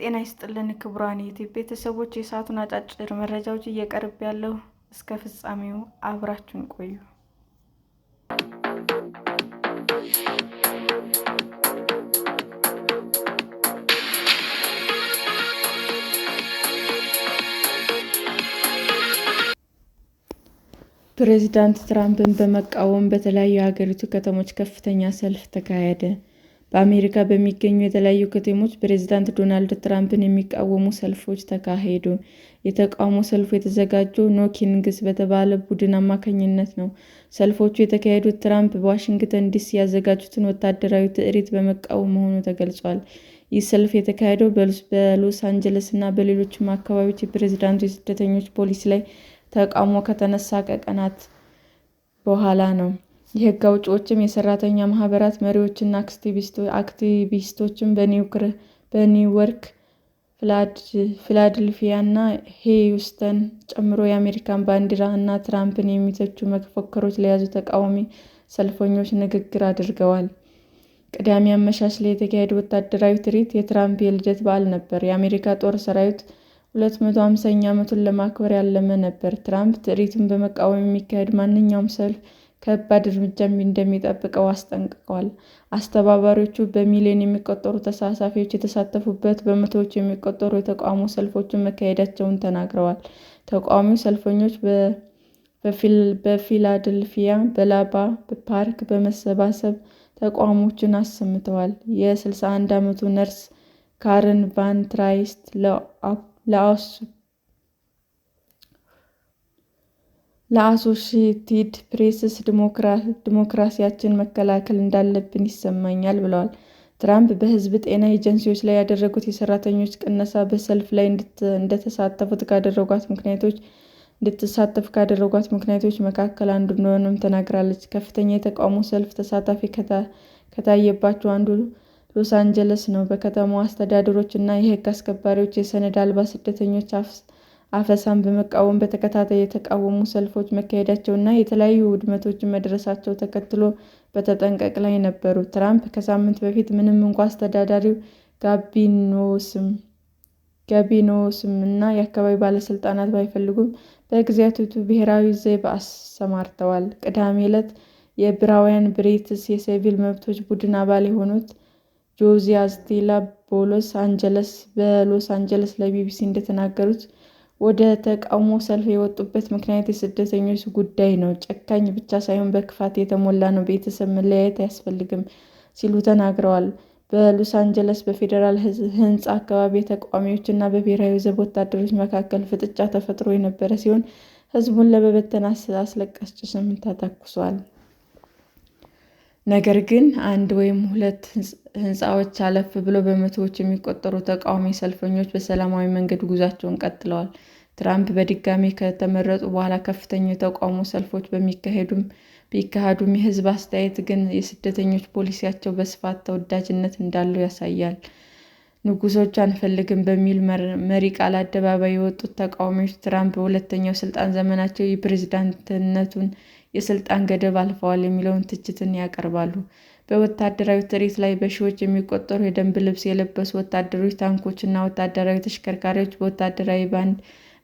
ጤና ይስጥልን ክቡራን ዩቲዩብ ቤተሰቦች፣ የሰዓቱን አጫጭር መረጃዎች እየቀርብ ያለው እስከ ፍጻሜው አብራችሁን ቆዩ። ፕሬዚዳንት ትራምፕን በመቃወም በተለያዩ የሀገሪቱ ከተሞች ከፍተኛ ሰልፍ ተካሄደ። በአሜሪካ በሚገኙ የተለያዩ ከተሞች ፕሬዝዳንት ዶናልድ ትራምፕን የሚቃወሙ ሰልፎች ተካሄዱ። የተቃውሞ ሰልፉ የተዘጋጀው ኖ ኪንግስ በተባለ ቡድን አማካኝነት ነው። ሰልፎቹ የተካሄዱት ትራምፕ በዋሽንግተን ዲሲ ያዘጋጁትን ወታደራዊ ትርኢት በመቃወም መሆኑ ተገልጿል። ይህ ሰልፍ የተካሄደው በሎስ አንጀለስ እና በሌሎችም አካባቢዎች የፕሬዝዳንቱ የስደተኞች ፖሊሲ ላይ ተቃውሞ ከተነሳ ከቀናት በኋላ ነው። የህግ አውጪዎችም የሰራተኛ ማህበራት መሪዎችና አክቲቪስቶችም በኒውዮርክ፣ ፊላድልፊያና ሂውስተን ጨምሮ የአሜሪካን ባንዲራ እና ትራምፕን የሚተቹ መፈክሮች ለያዙ ተቃዋሚ ሰልፈኞች ንግግር አድርገዋል። ቅዳሜ አመሻሽ ላይ የተካሄደ ወታደራዊ ትርኢት የትራምፕ የልደት በዓል ነበር። የአሜሪካ ጦር ሰራዊት ሁለት መቶ ዓመቱን ለማክበር ያለመ ነበር። ትራምፕ ትርኢቱን በመቃወም የሚካሄድ ማንኛውም ሰልፍ ከባድ እርምጃም እንደሚጠብቀው አስጠንቅቀዋል። አስተባባሪዎቹ በሚሊዮን የሚቆጠሩ ተሳታፊዎች የተሳተፉበት በመቶዎች የሚቆጠሩ የተቃውሞ ሰልፎችን መካሄዳቸውን ተናግረዋል። ተቃዋሚ ሰልፈኞች በፊላደልፊያ በላባ ፓርክ በመሰባሰብ ተቃውሞዎችን አሰምተዋል። የ61 ዓመቱ ነርስ ካርን ቫን ትራይስት ለአውስ ለአሶሺየትድ ፕሬስስ ዲሞክራሲያችንን መከላከል እንዳለብን ይሰማኛል ብለዋል። ትራምፕ በሕዝብ ጤና ኤጀንሲዎች ላይ ያደረጉት የሰራተኞች ቅነሳ በሰልፍ ላይ እንድትሳተፍ ካደረጓት ምክንያቶች መካከል አንዱ እንደሆነም ተናግራለች። ከፍተኛ የተቃውሞ ሰልፍ ተሳታፊ ከታየባቸው አንዱ ሎስ አንጀለስ ነው። በከተማዋ አስተዳደሮች እና የሕግ አስከባሪዎች የሰነድ አልባ ስደተኞች አፈሳን በመቃወም በተከታታይ የተቃወሙ ሰልፎች መካሄዳቸውና የተለያዩ ውድመቶች መድረሳቸው ተከትሎ በተጠንቀቅ ላይ ነበሩ። ትራምፕ ከሳምንት በፊት ምንም እንኳ አስተዳዳሪው እና የአካባቢ ባለስልጣናት ባይፈልጉም በግዛቲቱ ብሔራዊ ዘብ አሰማርተዋል። ቅዳሜ ዕለት የብራውያን ብሬትስ የሲቪል መብቶች ቡድን አባል የሆኑት ጆዚ ስቴላ በሎስ አንጀለስ በሎስ አንጀለስ ለቢቢሲ እንደተናገሩት ወደ ተቃውሞ ሰልፍ የወጡበት ምክንያት የስደተኞች ጉዳይ ነው። ጨካኝ ብቻ ሳይሆን በክፋት የተሞላ ነው። ቤተሰብ መለያየት አያስፈልግም ሲሉ ተናግረዋል። በሎስ አንጀለስ በፌዴራል ህንፃ አካባቢ የተቃዋሚዎች እና በብሔራዊ ዘብ ወታደሮች መካከል ፍጥጫ ተፈጥሮ የነበረ ሲሆን ህዝቡን ለመበተን አስለቃሽ ጭስም ተተኩሷል። ነገር ግን አንድ ወይም ሁለት ሕንፃዎች አለፍ ብሎ በመቶዎች የሚቆጠሩ ተቃዋሚ ሰልፈኞች በሰላማዊ መንገድ ጉዟቸውን ቀጥለዋል። ትራምፕ በድጋሚ ከተመረጡ በኋላ ከፍተኛ የተቃውሞ ሰልፎች ቢካሄዱም፣ የሕዝብ አስተያየት ግን የስደተኞች ፖሊሲያቸው በስፋት ተወዳጅነት እንዳለው ያሳያል። ንጉሶች አንፈልግም በሚል መሪ ቃል አደባባይ የወጡት ተቃዋሚዎች ትራምፕ በሁለተኛው ስልጣን ዘመናቸው የፕሬዝዳንትነቱን የስልጣን ገደብ አልፈዋል የሚለውን ትችትን ያቀርባሉ። በወታደራዊ ትርኢት ላይ በሺዎች የሚቆጠሩ የደንብ ልብስ የለበሱ ወታደሮች፣ ታንኮች እና ወታደራዊ ተሽከርካሪዎች በወታደራዊ ባንድ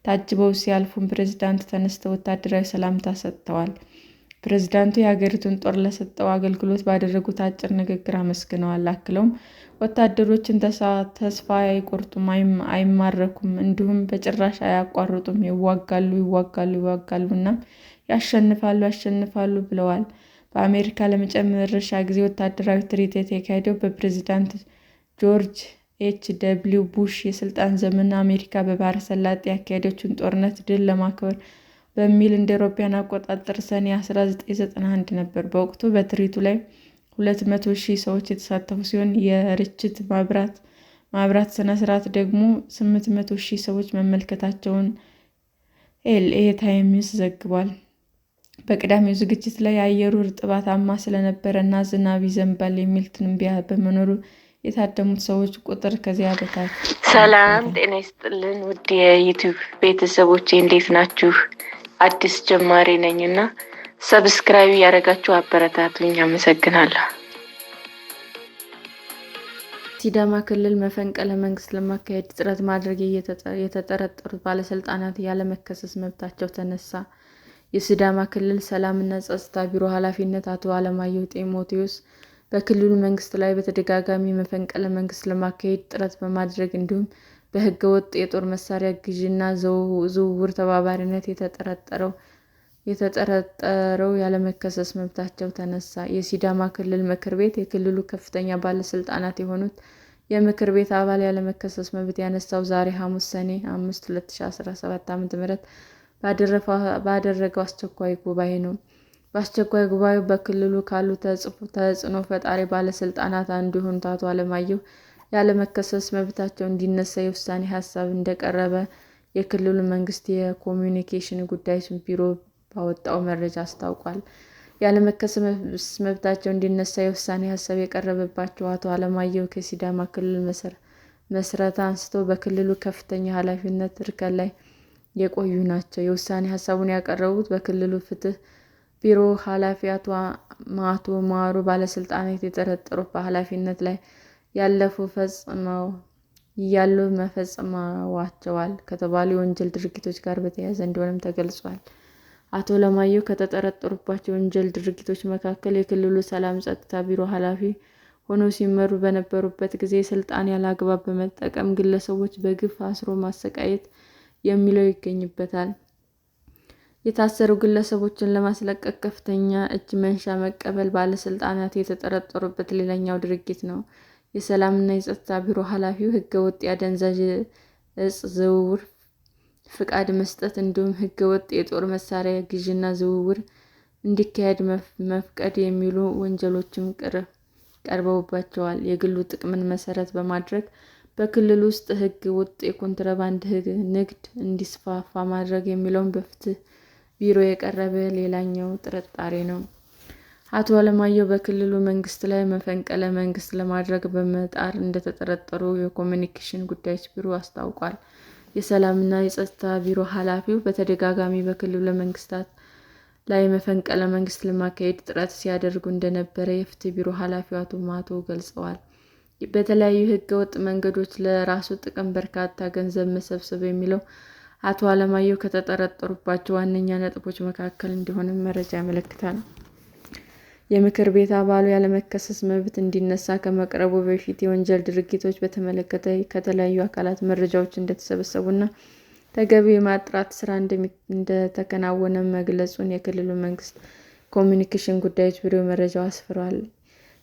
ታጅበው ሲያልፉም ፕሬዝዳንት ተነስተው ወታደራዊ ሰላምታ ሰጥተዋል። ፕሬዝዳንቱ የሀገሪቱን ጦር ለሰጠው አገልግሎት ባደረጉት አጭር ንግግር አመስግነዋል። አክለውም ወታደሮችን ተስፋ አይቆርጡም፣ አይማረኩም፣ እንዲሁም በጭራሽ አያቋርጡም፤ ይዋጋሉ፣ ይዋጋሉ፣ ይዋጋሉ እናም ያሸንፋሉ ያሸንፋሉ ብለዋል። በአሜሪካ ለመጨረሻ ጊዜ ወታደራዊ ትርኢት የተካሄደው በፕሬዝዳንት ጆርጅ ኤች ደብሊው ቡሽ የስልጣን ዘመን አሜሪካ በባሕረ ሰላጤ ያካሄደችውን ጦርነት ድል ለማክበር በሚል እንደ አውሮፓውያን አቆጣጠር ሰኔ 1991 ነበር። በወቅቱ በትርኢቱ ላይ ሁለት ሺህ ሰዎች የተሳተፉ ሲሆን የርችት ማብራት ሥነ ስርዓት ደግሞ ስምንት ሺህ ሰዎች መመልከታቸውን ኤልኤ ታይምስ ዘግቧል። በቅዳሜው ዝግጅት ላይ አየሩ እርጥበታማ ስለነበረ እና ዝናብ ይዘንባል የሚል ትንቢያ በመኖሩ የታደሙት ሰዎች ቁጥር ከዚያ በታች። ሰላም ጤና ይስጥልን ውድ የዩቲዩብ ቤተሰቦች እንዴት ናችሁ? አዲስ ጀማሪ ነኝ እና ሰብስክራይብ ያደረጋችሁ አበረታቱኝ፣ አመሰግናለሁ። ሲዳማ ክልል መፈንቅለ መንግስት ለማካሄድ ጥረት ማድረግ የተጠረጠሩት ባለስልጣናት ያለመከሰስ መብታቸው ተነሳ። የሲዳማ ክልል ሰላምና ጸጥታ ቢሮ ኃላፊነት አቶ አለማየሁ ጢሞቴዎስ በክልሉ መንግስት ላይ በተደጋጋሚ መፈንቅለ መንግስት ለማካሄድ ጥረት በማድረግ እንዲሁም በህገ ወጥ የጦር መሳሪያ ግዥና ዝውውር ተባባሪነት የተጠረጠረው ያለመከሰስ መብታቸው ተነሳ። የሲዳማ ክልል ምክር ቤት የክልሉ ከፍተኛ ባለስልጣናት የሆኑት የምክር ቤት አባል ያለመከሰስ መብት ያነሳው ዛሬ ሐሙስ ሰኔ 5 2017 ዓ.ም ባደረገው አስቸኳይ ጉባኤ ነው። በአስቸኳይ ጉባኤው በክልሉ ካሉ ተጽዕኖ ፈጣሪ ባለስልጣናት አንዱ የሆኑት አቶ አለማየሁ ያለመከሰስ መብታቸው እንዲነሳ የውሳኔ ሀሳብ እንደቀረበ የክልሉ መንግስት የኮሚኒኬሽን ጉዳዮች ቢሮ ባወጣው መረጃ አስታውቋል። ያለመከሰስ መብታቸው እንዲነሳ የውሳኔ ሀሳብ የቀረበባቸው አቶ አለማየሁ ከሲዳማ ክልል ምስረታ አንስቶ በክልሉ ከፍተኛ ኃላፊነት እርከን ላይ የቆዩ ናቸው። የውሳኔ ሀሳቡን ያቀረቡት በክልሉ ፍትህ ቢሮ ኃላፊ አቶ ማቶ ማሩ ባለስልጣናት የተጠረጠሩት በኃላፊነት ላይ ያለፉ ፈጽመው እያሉ መፈጽመዋቸዋል ከተባሉ የወንጀል ድርጊቶች ጋር በተያያዘ እንደሆነም ተገልጿል። አቶ ለማየሁ ከተጠረጠሩባቸው የወንጀል ድርጊቶች መካከል የክልሉ ሰላም ጸጥታ ቢሮ ኃላፊ ሆነው ሲመሩ በነበሩበት ጊዜ ስልጣን ያለ አግባብ በመጠቀም ግለሰቦች በግፍ አስሮ ማሰቃየት የሚለው ይገኝበታል። የታሰሩ ግለሰቦችን ለማስለቀቅ ከፍተኛ እጅ መንሻ መቀበል ባለስልጣናት የተጠረጠሩበት ሌላኛው ድርጊት ነው። የሰላምና የጸጥታ ቢሮ ኃላፊው ወጥ የአደንዛዥ እጽ ዝውውር ፍቃድ መስጠት እንዲሁም ህገ ወጥ፣ የጦር መሳሪያ ግዥና ዝውውር እንዲካሄድ መፍቀድ የሚሉ ወንጀሎችም ቀርበውባቸዋል። የግሉ ጥቅምን መሰረት በማድረግ በክልል ውስጥ ውጥ ወጥ የኮንትሮባንድ ንግድ እንዲስፋፋ ማድረግ የሚለውን በፍትህ ቢሮ የቀረበ ሌላኛው ጥርጣሬ ነው። አቶ አለማየሁ በክልሉ መንግስት ላይ መፈንቅለ መንግሥት ለማድረግ በመጣር እንደተጠረጠሩ የኮሚኒኬሽን ጉዳዮች ቢሮ አስታውቋል። የሰላምና የጸጥታ ቢሮ ኃላፊው በተደጋጋሚ በክልሉ መንግስታት ላይ መፈንቅለ መንግስት ለማካሄድ ጥረት ሲያደርጉ እንደነበረ የፍትህ ቢሮ ኃላፊው አቶ ማቶ ገልጸዋል። በተለያዩ ወጥ መንገዶች ለራሱ ጥቅም በርካታ ገንዘብ መሰብሰብ የሚለው አቶ አለማየሁ ከተጠረጠሩባቸው ዋነኛ ነጥቦች መካከል እንደሆነም መረጃ ያመለክታል። የምክር ቤት አባሉ ያለመከሰስ መብት እንዲነሳ ከመቅረቡ በፊት የወንጀል ድርጊቶች በተመለከተ ከተለያዩ አካላት መረጃዎች እንደተሰበሰቡና ተገቢ የማጥራት ስራ እንደተከናወነ መግለጹን የክልሉ መንግስት ኮሚኒኬሽን ጉዳዮች ቢሮ መረጃው አስፍሯል።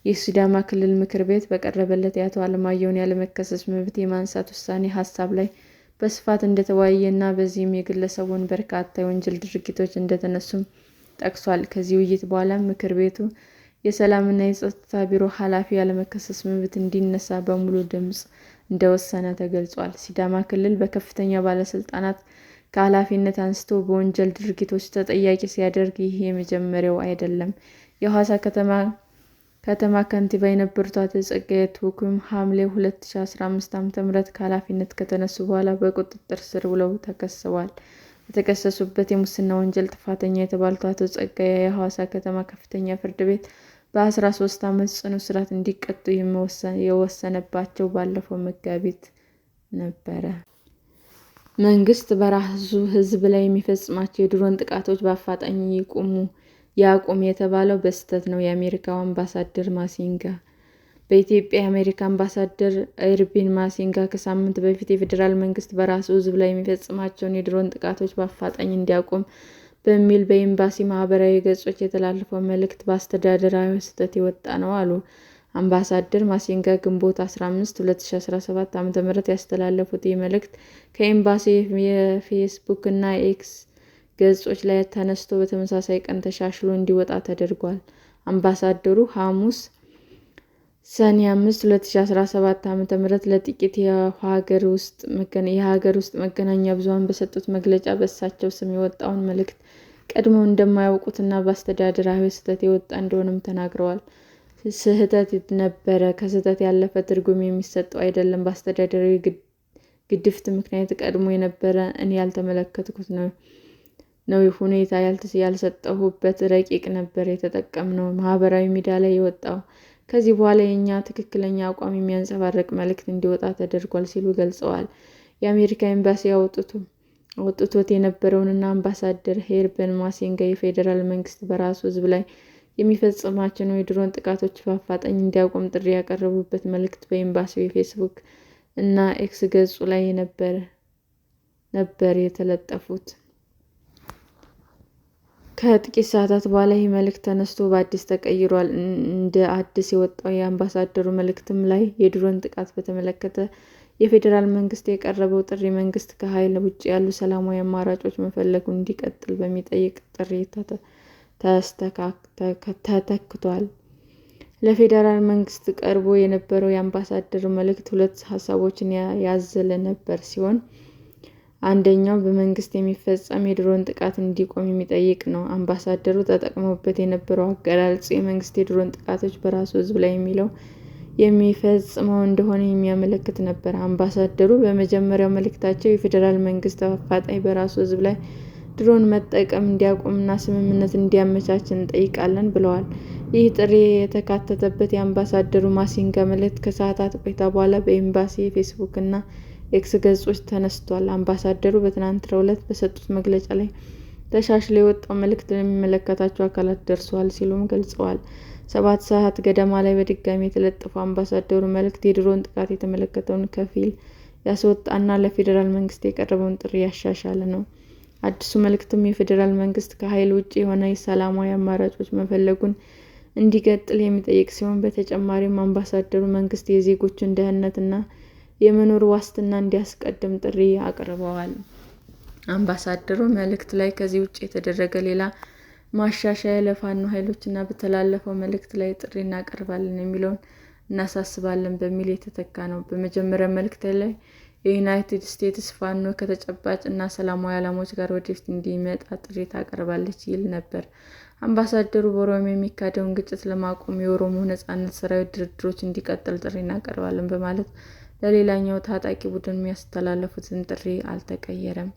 የሲዳማ ክልል ምክር ቤት በቀረበለት የአቶ አለማየሁን ያለመከሰስ መብት የማንሳት ውሳኔ ሀሳብ ላይ በስፋት እንደተወያየ እና በዚህም የግለሰቡን በርካታ የወንጀል ድርጊቶች እንደተነሱም ጠቅሷል። ከዚህ ውይይት በኋላም ምክር ቤቱ የሰላምና የጸጥታ ቢሮ ኃላፊ ያለመከሰስ መብት እንዲነሳ በሙሉ ድምፅ እንደወሰነ ተገልጿል። ሲዳማ ክልል በከፍተኛ ባለስልጣናት ከኃላፊነት አንስቶ በወንጀል ድርጊቶች ተጠያቂ ሲያደርግ ይህ የመጀመሪያው አይደለም። የሐዋሳ ከተማ ከተማ ከንቲባ የነበሩት አቶ ጸጋዬ አትኩሉ ሐምሌ 2015 ዓ.ም ከኃላፊነት ከተነሱ በኋላ በቁጥጥር ስር ውለው ተከሰዋል። የተከሰሱበት የሙስና ወንጀል ጥፋተኛ የተባሉት አቶ ጸጋዬ የሐዋሳ ከተማ ከፍተኛ ፍርድ ቤት በ13 ዓመት ጽኑ እስራት እንዲቀጡ የወሰነባቸው ባለፈው መጋቢት ነበረ። መንግስት በራሱ ህዝብ ላይ የሚፈጽማቸው የድሮን ጥቃቶች በአፋጣኝ ይቁሙ። ያቁም የተባለው በስህተት ነው። የአሜሪካው አምባሳደር ማሲንጋ በኢትዮጵያ የአሜሪካ አምባሳደር ኤርቢን ማሲንጋ ከሳምንት በፊት የፌዴራል መንግስት በራሱ ህዝብ ላይ የሚፈጽማቸውን የድሮን ጥቃቶች በአፋጣኝ እንዲያቆም በሚል በኤምባሲ ማህበራዊ ገጾች የተላለፈው መልእክት በአስተዳደራዊ ስህተት የወጣ ነው አሉ። አምባሳደር ማሲንጋ ግንቦት 15 2017 ዓ.ም ያስተላለፉት ይህ መልእክት ከኤምባሲ የፌስቡክ እና ኤክስ ገጾች ላይ ተነስቶ በተመሳሳይ ቀን ተሻሽሎ እንዲወጣ ተደርጓል። አምባሳደሩ ሐሙስ ሰኔ 5 2017 ዓ.ም ለጥቂት የሀገር ውስጥ መገናኛ ብዙሃን በሰጡት መግለጫ በእሳቸው ስም የወጣውን መልእክት ቀድመው እንደማያውቁትና በአስተዳደራዊ ስህተት የወጣ እንደሆነም ተናግረዋል። ስህተት ነበረ፣ ከስህተት ያለፈ ትርጉም የሚሰጠው አይደለም። በአስተዳደራዊ ግድፍት ምክንያት ቀድሞ የነበረ እኔ ያልተመለከትኩት ነው ነው ሁኔታ ያልሰጠሁበት ረቂቅ ነበር የተጠቀምነው ማህበራዊ ሚዲያ ላይ የወጣው። ከዚህ በኋላ የእኛ ትክክለኛ አቋም የሚያንጸባርቅ መልእክት እንዲወጣ ተደርጓል ሲሉ ገልጸዋል። የአሜሪካ ኤምባሲ አውጥቶት የነበረውንና አምባሳደር ሄርበን ማሲንጋ የፌዴራል መንግስት በራሱ ሕዝብ ላይ የሚፈጽማቸውን የድሮን ጥቃቶች በአፋጣኝ እንዲያቆም ጥሪ ያቀረቡበት መልእክት በኤምባሲው የፌስቡክ እና ኤክስ ገጹ ላይ ነበር የተለጠፉት። ከጥቂት ሰዓታት በኋላ ይህ መልእክት ተነስቶ በአዲስ ተቀይሯል። እንደ አዲስ የወጣው የአምባሳደሩ መልእክትም ላይ የድሮን ጥቃት በተመለከተ የፌዴራል መንግስት የቀረበው ጥሪ መንግስት ከኃይል ውጭ ያሉ ሰላማዊ አማራጮች መፈለጉን እንዲቀጥል በሚጠይቅ ጥሪ ተተክቷል። ለፌዴራል መንግስት ቀርቦ የነበረው የአምባሳደሩ መልእክት ሁለት ሀሳቦችን ያዘለ ነበር ሲሆን አንደኛው በመንግስት የሚፈጸም የድሮን ጥቃት እንዲቆም የሚጠይቅ ነው። አምባሳደሩ ተጠቅመውበት የነበረው አገላለጽ የመንግስት የድሮን ጥቃቶች በራሱ ህዝብ ላይ የሚለው የሚፈጽመው እንደሆነ የሚያመለክት ነበር። አምባሳደሩ በመጀመሪያው መልእክታቸው የፌዴራል መንግስት አፋጣኝ በራሱ ሕዝብ ላይ ድሮን መጠቀም እንዲያቆምና ስምምነት እንዲያመቻች እንጠይቃለን ብለዋል። ይህ ጥሪ የተካተተበት የአምባሳደሩ ማሲንጋ መልእክት ከሰዓታት ቆይታ በኋላ በኤምባሲ የፌስቡክ እና ኤክስ ገጾች ተነስቷል። አምባሳደሩ በትናንትናው ዕለት በሰጡት መግለጫ ላይ ተሻሽሎ የወጣው መልእክት ለሚመለከታቸው አካላት ደርሰዋል ሲሉም ገልጸዋል። ሰባት ሰዓት ገደማ ላይ በድጋሚ የተለጠፈው አምባሳደሩ መልእክት የድሮን ጥቃት የተመለከተውን ከፊል ያስወጣና ለፌዴራል መንግስት የቀረበውን ጥሪ ያሻሻለ ነው። አዲሱ መልእክትም የፌዴራል መንግስት ከኃይል ውጭ የሆነ ሰላማዊ አማራጮች መፈለጉን እንዲቀጥል የሚጠይቅ ሲሆን በተጨማሪም አምባሳደሩ መንግስት የዜጎቹን ደህንነት እና የመኖር ዋስትና እንዲያስቀድም ጥሪ አቅርበዋል። አምባሳደሩ መልእክት ላይ ከዚህ ውጭ የተደረገ ሌላ ማሻሻያ ለፋኖ ኃይሎችና በተላለፈው መልእክት ላይ ጥሪ እናቀርባለን የሚለውን እናሳስባለን በሚል የተተካ ነው። በመጀመሪያ መልእክት ላይ የዩናይትድ ስቴትስ ፋኖ ከተጨባጭ እና ሰላማዊ ዓላማዎች ጋር ወደፊት እንዲመጣ ጥሪ ታቀርባለች ይል ነበር። አምባሳደሩ በኦሮሚያ የሚካሄደውን ግጭት ለማቆም የኦሮሞ ነጻነት ሰራዊት ድርድሮች እንዲቀጥል ጥሪ እናቀርባለን በማለት ለሌላኛው ታጣቂ ቡድን የሚያስተላለፉትን ጥሪ አልተቀየረም።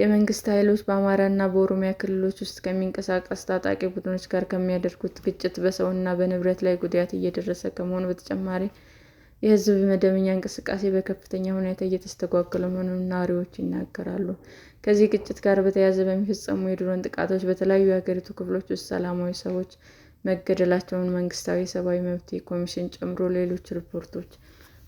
የመንግስት ኃይሎች በአማራና በኦሮሚያ ክልሎች ውስጥ ከሚንቀሳቀስ ታጣቂ ቡድኖች ጋር ከሚያደርጉት ግጭት በሰውና በንብረት ላይ ጉዳት እየደረሰ ከመሆኑ በተጨማሪ የህዝብ መደበኛ እንቅስቃሴ በከፍተኛ ሁኔታ እየተስተጓገለ መሆኑን ነዋሪዎች ይናገራሉ። ከዚህ ግጭት ጋር በተያያዘ በሚፈጸሙ የድሮን ጥቃቶች በተለያዩ የሀገሪቱ ክፍሎች ውስጥ ሰላማዊ ሰዎች መገደላቸውን መንግስታዊ የሰብአዊ መብት ኮሚሽን ጨምሮ ሌሎች ሪፖርቶች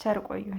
ቸር ቆዩኝ።